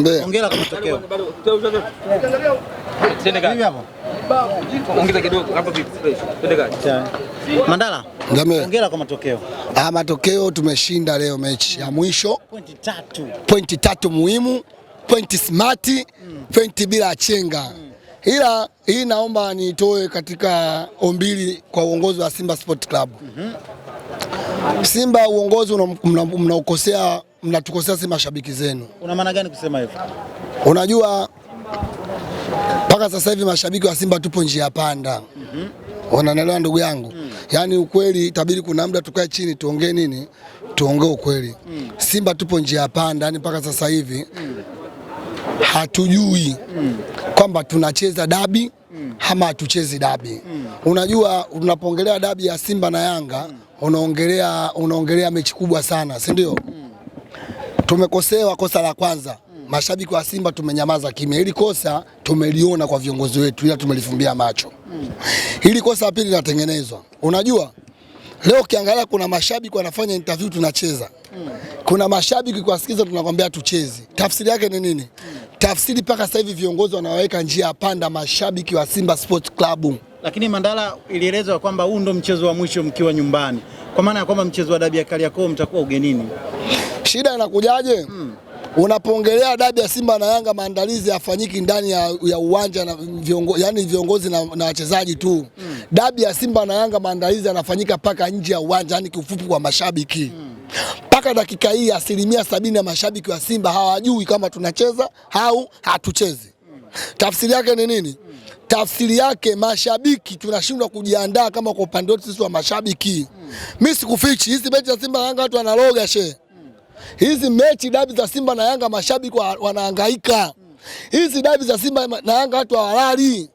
Mbeya. Hongera kwa matokeo. Mandala, hongera kwa matokeo. Ah, matokeo tumeshinda leo mechi ya mwisho pointi tatu, pointi tatu muhimu, pointi smart, mm. pointi bila chenga mm. ila hii naomba nitoe katika ombili kwa uongozi wa Simba Sport Club. Mhm. Simba uongozi mnaukosea mnatukosea si mashabiki zenu. Una maana gani kusema hivyo? Unajua mpaka sasa hivi mashabiki wa Simba tupo njia ya panda. mm -hmm. Unanielewa ndugu yangu? mm. Yaani ukweli itabidi kuna muda tukae chini tuongee nini, tuongee ukweli. mm. Simba tupo njia ya panda, yaani mpaka sasa hivi mm. hatujui mm. kwamba tunacheza dabi mm. ama hatuchezi dabi mm. Unajua, unapoongelea dabi ya Simba na Yanga mm. unaongelea unaongelea mechi kubwa sana, si ndio? tumekosewa kosa la kwanza mm. Mashabiki wa Simba tumenyamaza kimya, hili kosa tumeliona kwa viongozi wetu, ila tumelifumbia macho mm. Hili kosa la pili linatengenezwa, unajua leo ukiangalia kuna mashabiki wanafanya interview tunacheza mm. Kuna mashabiki kuwasikiza tunakwambia tuchezi, tafsiri yake ni nini? mm. Tafsiri mpaka sasa hivi viongozi wanaweka njia ya panda mashabiki wa Simba Sports Club, lakini Mandala, ilielezwa kwamba huu ndo mchezo wa mwisho mkiwa nyumbani kwa maana ya kwamba mchezo wa dabi ya Kariakoo mtakuwa ugenini. Shida inakujaje? Hmm. Unapoongelea dabi ya Simba na Yanga, maandalizi yafanyiki ndani ya, ya uwanja na viongo, yani viongozi na, na wachezaji tu Hmm. Dabi ya Simba na Yanga maandalizi yanafanyika mpaka nje ya uwanja, yani kiufupi kwa mashabiki hmm. mpaka mm. dakika hii asilimia sabini ya mashabiki wa Simba hawajui kama tunacheza au hatuchezi hmm. Tafsiri yake ni nini? Hmm tafsiri yake mashabiki tunashindwa kujiandaa kama kwa upande wetu sisi wa mashabiki. Mm. Mimi sikufichi hizi mechi za Simba na Yanga watu wanaloga she. Hmm. Hizi mechi dabi za Simba na Yanga mashabiki wanahangaika hizi dabi za Simba na Yanga watu hawalali.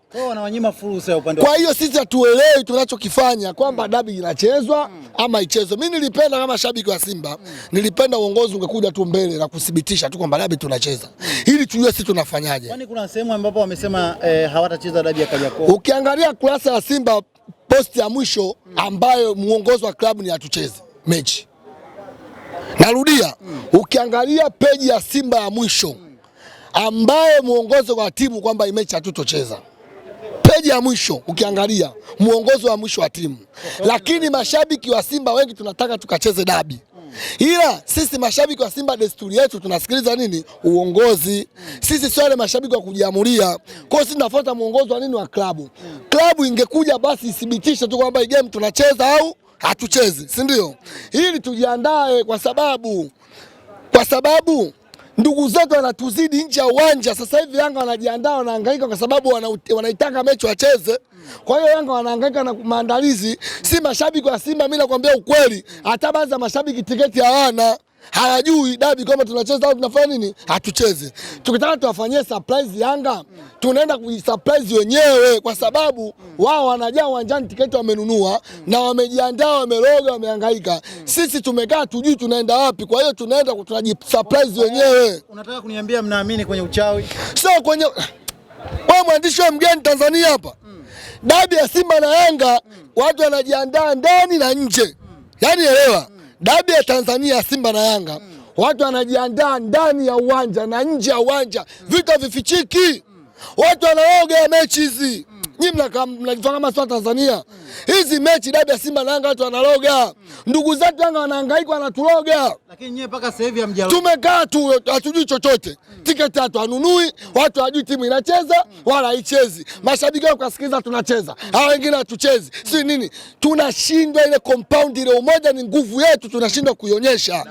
Kwa hiyo sisi hatuelewi tunachokifanya kwamba dabi inachezwa ama ichezwe. Mimi nilipenda kama shabiki wa Simba, nilipenda uongozi ungekuja tu mbele na kuthibitisha tu kwamba dabi tunacheza ili tujue sisi tunafanyaje. Kwani kuna sehemu ambapo wamesema eh, hawatacheza dabi ya Kariakoo. Ukiangalia kurasa ya Simba posti ya mwisho ambayo muongozi wa klabu ni hatucheze mechi. Narudia, ukiangalia peji ya Simba ya mwisho ambaye muongozo wa timu kwamba imechi hatutocheza peji ya mwisho ukiangalia muongozo wa mwisho wa timu, lakini mashabiki wa Simba wengi tunataka tukacheze dabi, ila sisi mashabiki wa Simba desturi yetu tunasikiliza nini? Uongozi. Sisi sio wale mashabiki wa kujiamulia. Kwa hiyo sisi tunafuata muongozo wa nini? Wa klabu. Klabu ingekuja basi ithibitishe tu kwamba game tunacheza au hatuchezi, si ndio? Ili tujiandae, kwa sababu kwa sababu ndugu zetu wanatuzidi nje ya uwanja. Sasa hivi Yanga wanajiandaa, wanahangaika kwa sababu wanaitaka mechi wacheze. Kwa hiyo Yanga wanahangaika na maandalizi. Si mashabiki wa Simba, mimi nakwambia ukweli, hata baadhi ya mashabiki tiketi hawana hayajui dabi kwamba tunacheza au tunafanya nini, hatucheze. Tukitaka tuwafanyie surprise Yanga, tunaenda kujisurprise wenyewe, kwa sababu wao wanajaa uwanjani, tiketi wamenunua na wamejiandaa, wameroga, wamehangaika. Sisi tumekaa tujui tunaenda wapi, kwa hiyo tunaenda tunajisurprise wenyewe. Unataka kuniambia mnaamini kwenye uchawi? Sio kwenye wewe mwandishi wa mgeni Tanzania hapa dabi ya Simba na Yanga, watu wanajiandaa ndani na nje, yaani elewa dabi ya Tanzania Simba na Yanga mm. watu wanajiandaa ndani ya uwanja na nje ya uwanja mm. vita vifichiki mm. watu wanaoga mechi hizi mm. Nyinyi mnakaa mnajifanya kama sio Tanzania. Hizi mechi dabi ya Simba na Yanga watu wanaroga, Ndugu zetu Yanga wanahangaika wanaturoga, Lakini nyie mpaka sasa hivi hamjaloga. Tumekaa tu hatujui chochote. Tiketi hatu anunui watu hawajui timu inacheza wala haichezi. Mashabiki wao kasikiza tunacheza. hawa wengine hatuchezi. Si nini? Tunashindwa ile compound ile umoja ni nguvu yetu tunashindwa kuionyesha.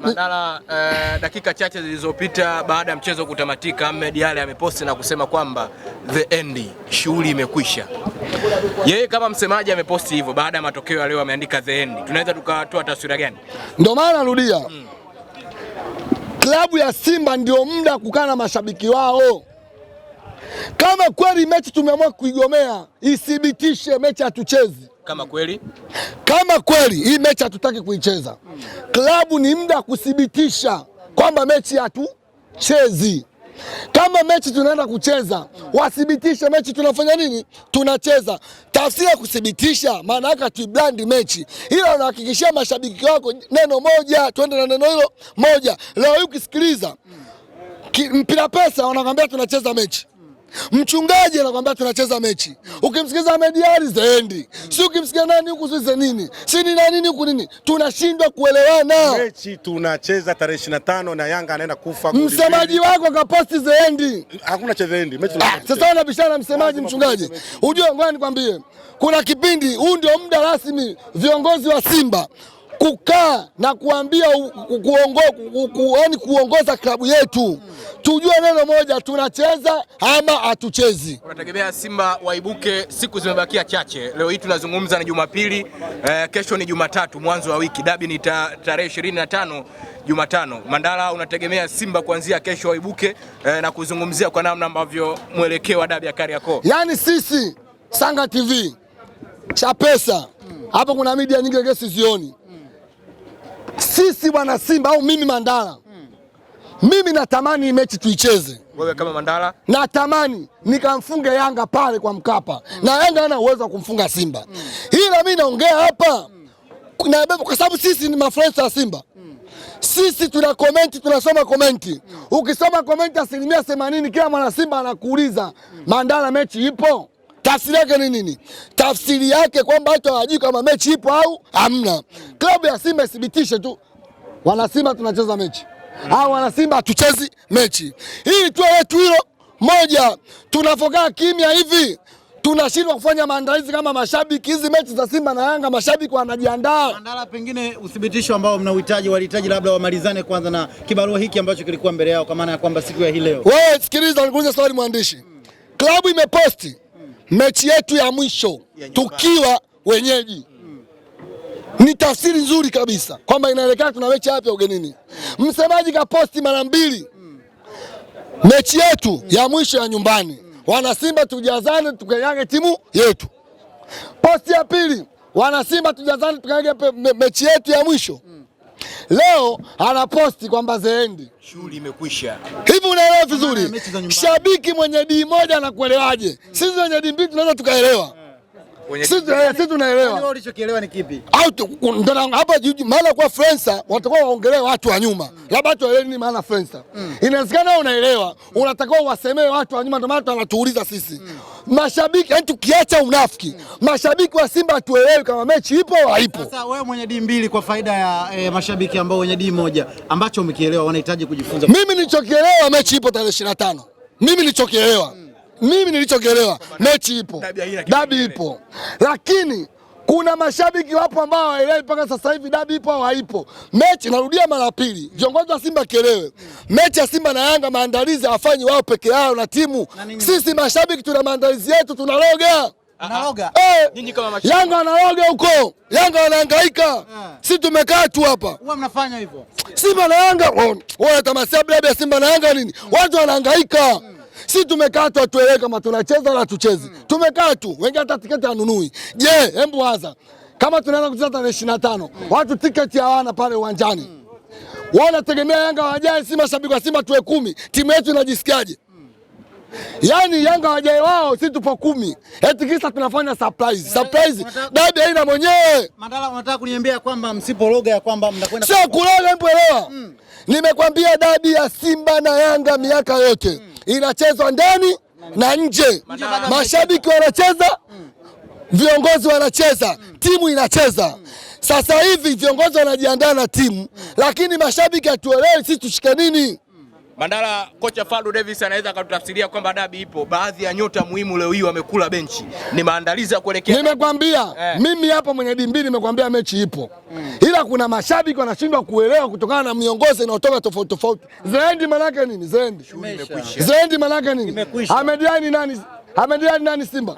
Mandala eh, dakika chache zilizopita baada ya mchezo kutamatika, Ahmed Ally ameposti na kusema kwamba the end, shughuli imekwisha. Yeye kama msemaji ameposti hivyo baada ya matokeo ya leo, ameandika the end. Tunaweza tukatoa taswira gani? Ndio maana narudia, hmm. klabu ya Simba ndio muda kukaa na mashabiki wao. Kama kweli mechi tumeamua kuigomea, ithibitishe mechi hatuchezi kama kweli kama kweli hii mechi hatutaki kuicheza, klabu ni muda kuthibitisha kwamba mechi hatuchezi. Kama mechi tunaenda kucheza, wathibitishe mechi tunafanya nini, tunacheza. Tafsiri ya kuthibitisha maana yake hatuiblandi mechi, ila unahakikishia mashabiki wako neno moja, tuende na neno hilo moja. Leo hii ukisikiliza mpira pesa wanakwambia tunacheza mechi Mchungaji anakwambia tunacheza mechi, ukimsikiza mediari Ally zaendi, si ukimsikia nani huku sisi nini, si na nini huku nini, tunashindwa kuelewana. Mechi tunacheza tarehe 25 na Yanga anaenda kufa. Msemaji wako akaposti zaendi, hakuna chezendi mechi. Ah, sasa anabishana msemaji, mchungaji. Unajua, ngoja nikwambie, kuna kipindi, huu ndio muda rasmi viongozi wa Simba kukaa na kuambia kuongo, yani kuongoza klabu yetu, tujue neno moja, tunacheza ama hatuchezi. Unategemea Simba waibuke, siku zimebakia chache. Leo hii tunazungumza ni Jumapili eh, kesho ni Jumatatu, mwanzo wa wiki. Dabi ni tarehe ishirini na tano Jumatano. Mandala, unategemea Simba kuanzia kesho waibuke eh, na kuzungumzia kwa namna ambavyo mwelekeo wa dabi ya Kariakoo, yani sisi Sanga TV cha pesa hapo, kuna media nyingi gesi sizioni sisi wana Simba au mimi Mandala hmm. Mimi natamani mechi tuicheze. Wewe kama Mandala natamani nikamfunge Yanga pale kwa Mkapa hmm. Na Yanga ana uwezo wa kumfunga Simba hmm. Ila mimi naongea hapa hmm. Kwa sababu sisi ni mafrensa ya Simba mm. Sisi tuna komenti, tunasoma komenti mm. Ukisoma komenti asilimia themanini kila mwana Simba anakuuliza mm. Mandala, mechi ipo Tafsiri yake ni nini? Tafsiri yake kwamba watu hawajui kama mechi ipo au hamna. Klabu ya Simba ithibitishe tu, wana Simba tunacheza mechi au wana Simba hatuchezi mechi. Hii tu wetu hilo moja, tunavokaa kimya hivi tunashindwa kufanya maandalizi kama mashabiki. Hizi mechi za Simba na Yanga mashabiki wanajiandaa. Mandala, pengine uthibitisho ambao mnauhitaji, walihitaji labda wamalizane kwanza na kibarua hiki ambacho kilikuwa mbele yao, kwa maana ya kwamba siku ya hii leo. Wewe sikiliza, nikuulize swali mwandishi, klabu imeposti mechi yetu ya mwisho tukiwa wenyeji hmm. ni tafsiri nzuri kabisa kwamba inaelekea tuna mechi yapi ugenini. Hmm. Msemaji kaposti mara mbili, mechi yetu ya mwisho ya nyumbani, wanasimba tujazane, tukanyage timu yetu. Posti ya pili, wanasimba tujazane, tukanyage mechi yetu ya mwisho Leo anaposti kwamba zeendi, shughuli imekwisha. Hivi unaelewa vizuri? Shabiki mwenye dii moja anakuelewaje? Sisi wenye dii mbili tunaweza tukaelewa Eh, sisi tunaelewa hapa jiji. Maana kwa Frensa watakuwa waongelee watu wa nyuma, mm. labda watu waelewe nini maana Frensa. Mm. Inawezekana unaelewa, mm. unatakiwa wasemee watu wa nyuma, ndio maana wanatuuliza sisi mashabiki yani, tukiacha unafiki mashabiki wa Simba hatuelewi kama mechi ipo au haipo. Sasa wewe mwenye di mbili kwa faida ya e, mashabiki ambao wenye di moja ambacho umekielewa wanahitaji kujifunza. Mimi nilichokielewa mechi ipo tarehe 25. Mimi nilichokielewa mm mimi nilichokielewa mechi ipo, dabi ipo, lakini kuna mashabiki wapo ambao hawaelewi mpaka sasa hivi dabi ipo au haipo. Mechi narudia mara pili, viongozi wa Simba kielewe, mechi ya Simba na Yanga maandalizi hawafanyi wao peke yao na timu. Sisi mashabiki tuna maandalizi yetu, tunaroga ah, ah. Eh, Yanga wanaroga huko. Yanga wanahangaika. Ah. Si tumekaa tu hapa. Simba na Yanga, wao oh, wanatamaa ya Simba na Yanga nini? Hmm. Watu wanahangaika. Hmm. Si tumekaa tu atuelewe kama tunacheza na tucheze. Hmm. Tumekaa tu, wengi hata tiketi hanunui. Je, yeah, hebu waza. Kama tunaanza kucheza tarehe 25, hmm. watu tiketi hawana pale uwanjani. Wao hmm. Wanategemea Yanga wajae, si mashabiki wa Simba tuwe kumi. Timu yetu inajisikiaje? Yaani Yanga wajae wao, si tupo kumi. Eti kisa tunafanya surprise. Eh, surprise. Dada haina mwenyewe. Mandala unataka kuniambia kwamba msiporoga ya kwamba mnakwenda. Sio kuroga, mpoelewa. Nimekwambia dadi ya Simba na Yanga miaka yote. Mm inachezwa ndani na nje, mashabiki wanacheza, viongozi wanacheza, timu inacheza. Sasa hivi viongozi wanajiandaa na timu, lakini mashabiki hatuelewi sisi tushike nini. Mandala, kocha Fadlu Davis anaweza akatutafsiria kwamba dabi ipo, baadhi ya nyota muhimu leo hii wamekula benchi, ni maandalizi ya kuelekea. Nimekwambia eh, mimi hapo mwenye dimbi nimekwambia mechi ipo mm, ila kuna mashabiki wanashindwa kuelewa kutokana na miongozo inayotoka tofauti tofauti. Zendi manake nini? Zendi zendi manake nini? Hamediani nani? Hamediani nani? Simba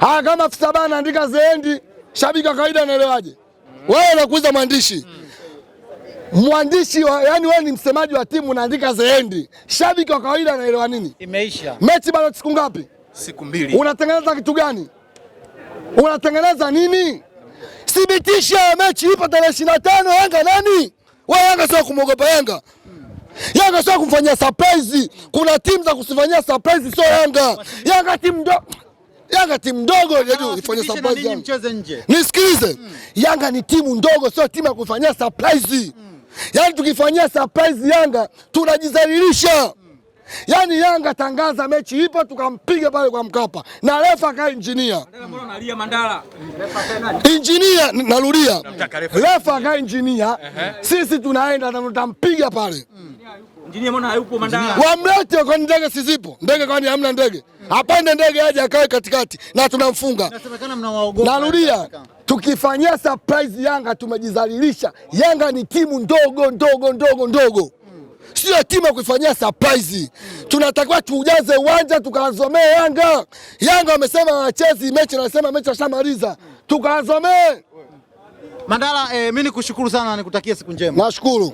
kama afisa bana andika zendi, shabiki wa kawaida anaelewaje? Mm. Wewe unakuza mwandishi mm mwandishi wa, yani wewe ni msemaji wa timu unaandika zeendi, shabiki wa kawaida anaelewa nini? Imeisha mechi, bado siku ngapi? Siku mbili. Unatengeneza kitu gani? Unatengeneza nini? Thibitisha mechi ipo tarehe ishirini na tano. Yanga nani? Wewe Yanga sio kumwogopa Yanga. Yanga sio kumfanyia surprise. Kuna timu za kusifanyia surprise, sio Yanga. Yanga timu ndo Yanga timu ndogo ah, ifanye surprise. Nisikilize. Hmm. Yanga ni timu ndogo, sio timu ya kufanyia surprise. Mm. Yaani tukifanyia surprise Yanga tunajidhalilisha. Yaani Yanga tangaza mechi ipo tukampiga pale kwa Mkapa na refa kai injinia. Mandala. Injinia narudia. Refa kai injinia. Sisi tunaenda na tutampiga pale. Mm. Injinia mbona hayupo Mandala? Wamlete kwa ndege sizipo Ndege kwani hamna ndege? apande ndege aje akawe katikati na tunamfunga. Narudia, tukifanyia surprise Yanga tumejizalilisha. Yanga ni timu ndogo ndogo ndogo ndogo, sio timu ya kuifanyia surprise. Tunatakiwa tuujaze uwanja tukawazomee Yanga. Yanga wamesema wachezi mechi, nasema mechi washamaliza, tukawazomee Mandala. Eh, mimi nikushukuru sana, nikutakia siku njema. Nashukuru.